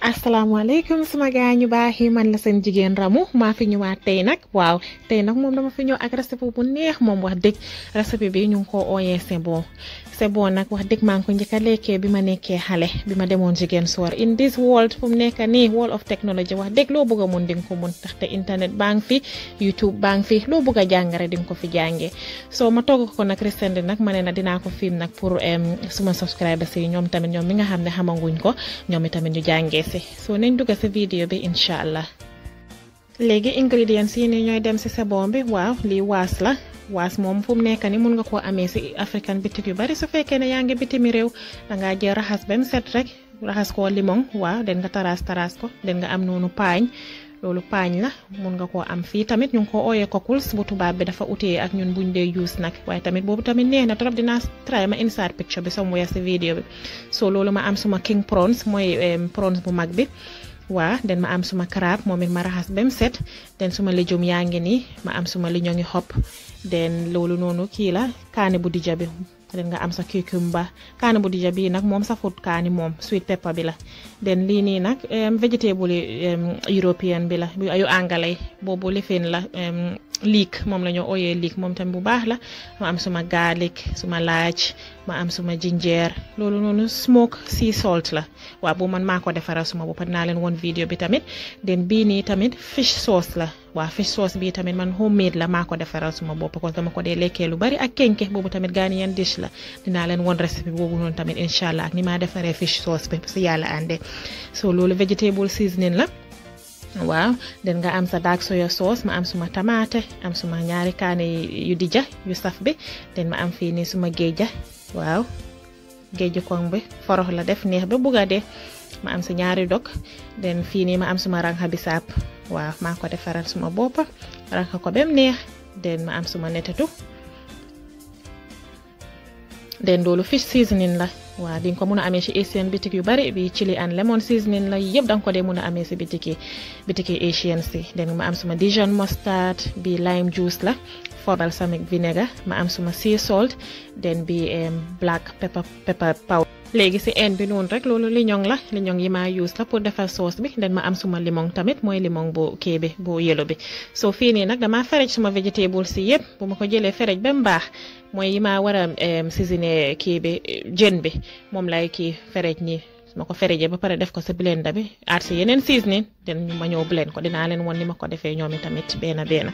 asalaamaaleykum sama gars ñu baax yi man la seen jigéen ramu maa fi ñëwaat tey nag waaw tey nag moom dama fi ñëw ak recipe bu neex moom wax dëgg recipe bi ñu ngi ko ooyee c'est bon bon nag wax dëgg maa ngi ko njëkk a lekkee bi ma nekkee xale bi ma demoon jigéen soor in this world fu mu nekk nii world of technology wax dëgg loo bëgg a mun di nga ko mun ndaxte internet baa ngi fi YouTube baa ngi fi loo bëgg a jàngare di nga ko fi jàngee soo ma togg ko nag recently nag ma ne na dinaa ko film nag pour suma subscribers yi ñoom tamit ñoom mi nga xam ne xama xamanguñ ko ñoom itamit ñu jàngee commencé soo nañ dugg sa vidéo bi incha allah léegi ingredients yi ni ñooy dem si sebon bi waaw lii waas la waas moom fu mu nekk ni mun nga koo amee si african bitik yu bari su fekkee ne yaa ngi bitimi réew dangaa jël raxas ba mu set rek raxas koo limon waaw den nga taraas taraas ko den nga am noonu paañ loolu paañ la mun nga koo am fii tamit ñu ngi ko ooyee kokuls bu tubaab bi dafa utee ak ñun buñ dee use nag waaye tamit boobu tamit neex na trop dinaa try ma insert picture bi somewhere si vidéo bi so loolu ma am suma king prawns mooy prawns bu mag bi waa den ma am suma crab moom it ma raxas bem set den suma léjum yaa ngi nii ma am suma li ngi xob den loolu noonu kii la kaane bu dija bi den nga am sa cucumber kaani bu dija bii nag moom safut kaani moom sweet pepper bi la den lii nii vegetable yi européen bi la yu anglais boobu lifin la liik moom la ñoo ooyee liik moom tamit bu baax la ma am suma garlic suma laaj ma am suma ginger loolu noonu smoke sea salt la waa bu man maa ko defaral suma bopp dinaa leen woon vidéo bi tamit den bii nii tamit fish sauce la waaw fish bii tamit man homemade la maa ko defaral suma bopp parce que dama ko dee lekkee lu bari ak kenke boobu tamit yan dish la dinaa leen woon recipe boobu noon tamit incha allah ak ni maa defaree fish sauce bi si yàlla àndee so loolu vegetable seasoning la. waaw den nga am sa daak soya sauce ma am suma tamaate am suma ñaari kaane yu dija yu saf bi den ma am fii nii suma géeja waaw géeju koŋ bi forox la def neex ba bugga de ma am si ñaari dog den fii nii ma am suma ranxa bisaab waaw maa ko defaral suma bopp ranxa ko bem neex den ma am suma netetu den loolu fish seasoning la waaw di nga ko mun a amee ci Asian bitik yu bari bi chili and lemon seasoning la yëpp da nga ko dee mun a amee ci bitiki bitiki Asian si den ma am suma Dijon mustard bi lime juice la for balsamic vinegar ma am suma sea salt den bi black pepper pepper powder léegi si en bi noonu rek loolu liñoŋ la liñoŋ yi maa use la pour defar sauce bi dañ ma am suma limoŋ tamit mooy limoŋ bu kii bi bu yelo bi soo fii nii nag damaa ferej suma vegetable si yëpp bu ma ko jëlee ferej ba baax mooy yi maa war a seasoné kii bi jën bi moom lay kii ferej ñi ma ko ferejee ba pare def ko sa blender bi aat si yeneen seasoning den ma ñëw blend ko dinaa leen woon ni ma ko defee ñoom i tamit benn benn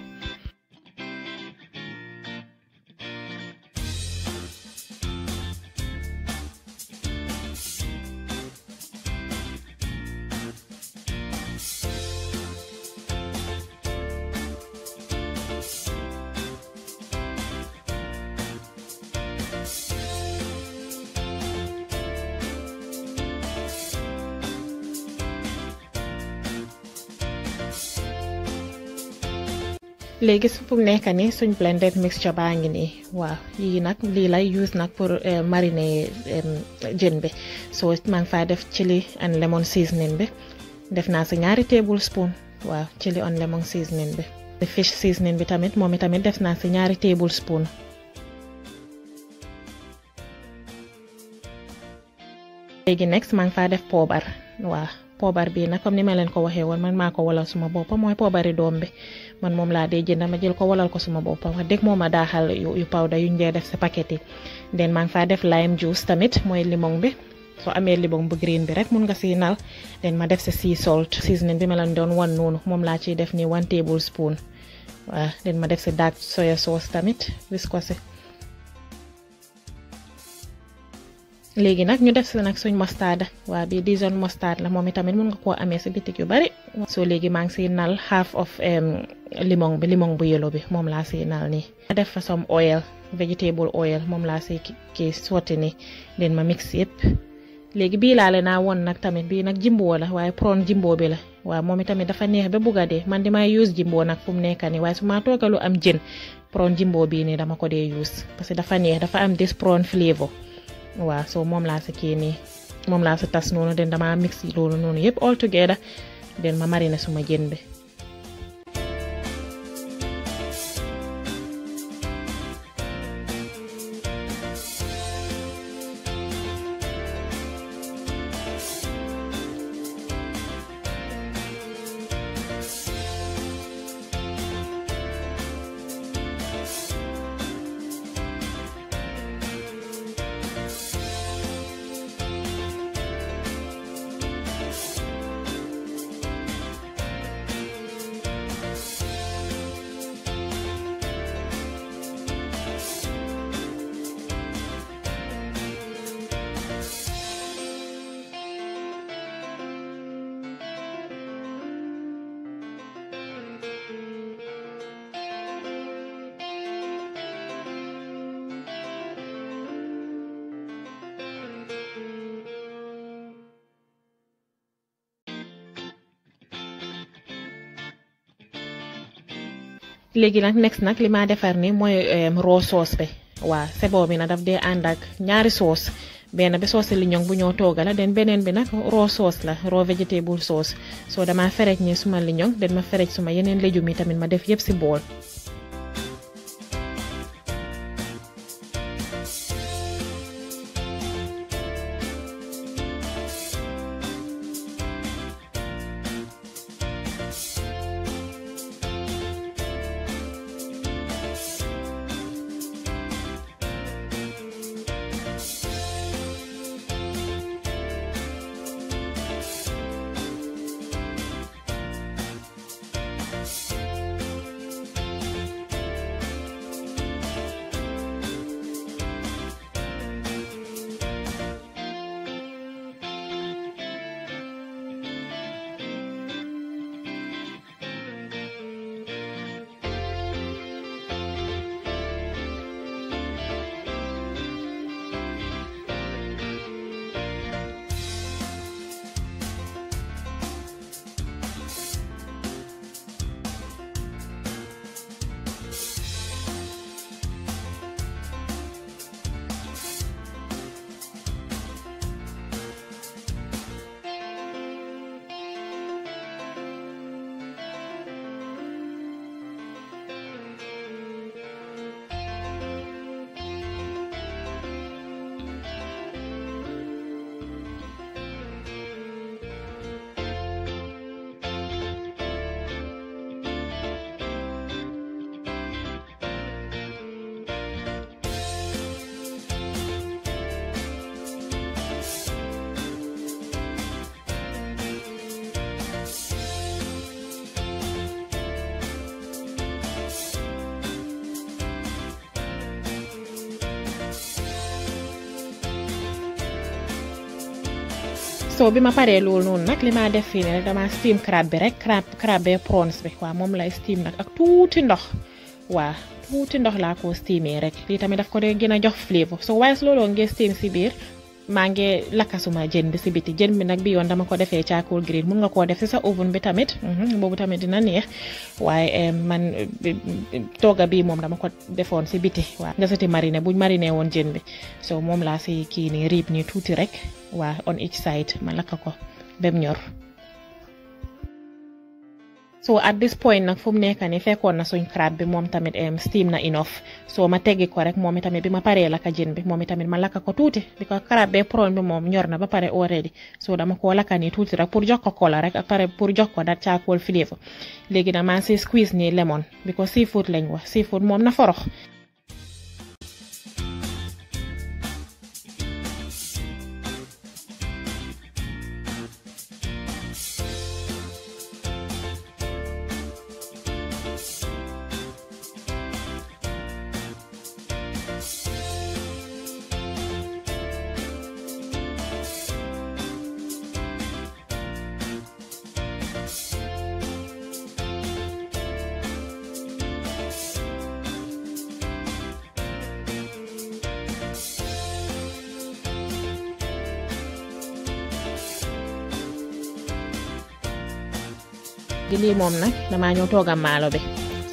léegi su fu ni nekk nii suñ blended mixture baa ngi nii waaw yii nag lii lay use nag pour eh, mariner jën bi so man ngi faa def chili and lemon seasoning bi def naa si ñaari table spoon waaw chili and lemon seasoning bi. fish seasoning bi tamit moom itamit def naa si ñaari table spoon. léegi next maa ngi faa def poobar waaw. poobar bii nag comme ni ma leen ko waxee woon man maa ko walal suma boppam mooy poobari doom bi man moom laa dee jënd ma jël ko walal ko suma boppa wax dëgg moo ma daaxal yu pawda yuñ dee def si paquet yi. den maa ngi faa def lime juice tamit mooy limon bi soo amee limon bu green bi rek mun nga si nal den ma def si sea salt seasoning bi ma doon wan noonu moom laa ciy def ni one tablespoon waaw den ma def si dark soya sauce tamit wis ko si léegi nag ñu def si nag suñ mostarda waa bi Dijon mostarda la moom itamit mun nga koo amee si bitik yu bari. soo léegi maa ngi siy nal half of limon bi limon bu yellow bi moom laa siy nal nii. ma def fa some oil vegetable oil moom laa siy kii sotti nii leen ma mix yëpp. léegi bii laale naa woon nag tamit bii nag jimboo la waaye prawn jimboo bi la waaw moom itamit dafa neex ba buga a dee man di ma use jimboo nag fu mu nekk nii waaye su ma toogalu am jën prawn jimboo bii nii dama ko dee use parce que dafa neex dafa am this prawn flavour waaw soo moom laa si kii nii moom laa tass tas noonu den damaa mixi loolu noonu yëpp all together den ma mariner suma jën bi léegi nag next nag li ma defar ni mooy raw sauce bi waa sebo bi nag daf dee ànd ak ñaari soos benn bi sauce liñoŋ bu ñoo tooga la den beneen bi nag raw sauce la raw vegetable soos soo dama fereg ni suma liñoŋ den ma fereg suma yeneen légumes yi tamit ma def yëpp si bool so bi ma paree loolu noonu nag li ma def fii ne dama steam crab bi rek crab crab bee prawns bi moom lay steam nag ak tuuti ndox waaw tuuti ndox laa ko steamee rek lii tamit daf ko de gën a jox flavour so waaye looloo ngee steam si biir maa ngi lakkasuma jën bi si biti jën bi nag bi yoon dama ko defee caakool green mun nga koo def si sa oven bi tamit mhm, boobu tamit dina neex waaye eh, man tooga bi moom dama ko defoon si biti waaw nga sati mariner buñ marine woon jën bi so moom laa si kii nii riib nii tuuti rek waa on each side ma lakka ko bem ñor so at this point nag fu mu nekk nii fekkoon na suñ crab bi moom tamit steam na enough so ma teggi ko rek moom tamit bi ma paree lakka jën bi moom itamit ma lakka ko tuuti because crab bee prawn bi moom ñor na ba pare already so dama koo lakka nii tuuti rek pour jox ko kola rek ak pare pour jox ko that charcoal flavor léegi nag maa ngi si squeeze nii lemon because seafood lañ wax seafood moom na forox di lii moom nag damaa ñëw toog a maalo bi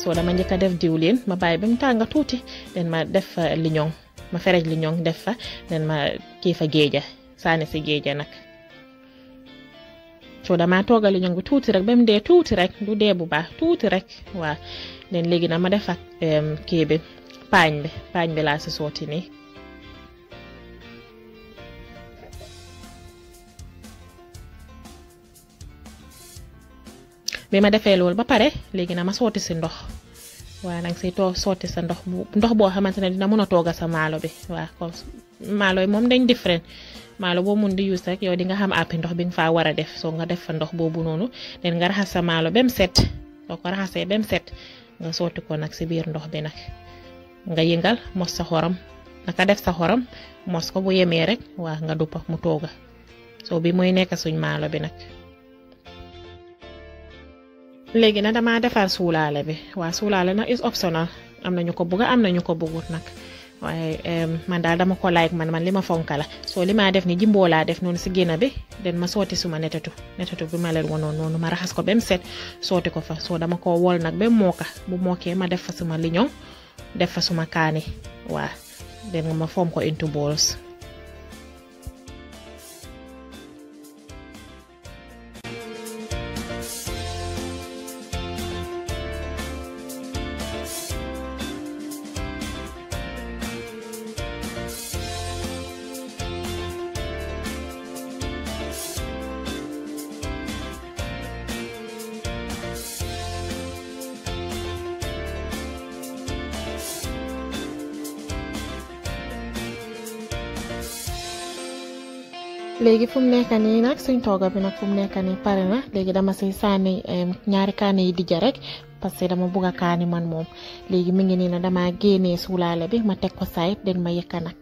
soo dama njëkk a def diwlin ma bàyyi ba mu tànga tuuti den ma def liñoŋ ma ferej liñoŋ def fa den ma kii fa géeja saani si géeja nag soo dama tooga liñoŋ bi tuuti rek ba mu dee tuuti rek du dee bu baax tuuti rek waaw den léegi nag ma def ak paañ bi paañ bi laa si sooti nii bi ma defee loolu ba pare léegi na ma sooti si ndox waaw nag si too sotti sa ndox mu ndox boo xamante ne dina mën a tooga sa maalo bi waaw comme maalo yi moom dañ différent maalo boo mun di use rek yow di nga xam àppi ndox bi nga faa war def so nga def fa ndox boobu noonu den nga raxas sa maalo ba mu set soo ko raxasee ba set nga sooti ko nag si biir ndox bi nag nga yëngal mos sa xorom naka def sa xorom mos ko bu yemee rek waa nga duppa mu tooga so bi mooy nekk suñ maalo bi nag léegi nag damaa defar suulaale bi waa suulaale nag is optional am nañu ko bugg am nañu ko buggut nag waaye man daal dama ko like man man li ma fonka la soo li def ni jimboo laa def noonu si génn bi den ma sooti suma netatu netatu bi ma leen wanoon noonu ma raxas ko ba mu set sooti ko fa so dama ko wol nag ba mooka bu mookee ma def fa suma liñoŋ def fa suma kaani waa den ma foom ko into balls léegi fum mu nekk nii nag suñ tooga bi nag fu mu nekk nii pare na léegi dama siy sànni ñaari kaane yi dijja rek parce que dama bugg a kaani man moom léegi mi ngi nii na dama génnee suulaale bi ma teg ko saayit den ma yëkka nag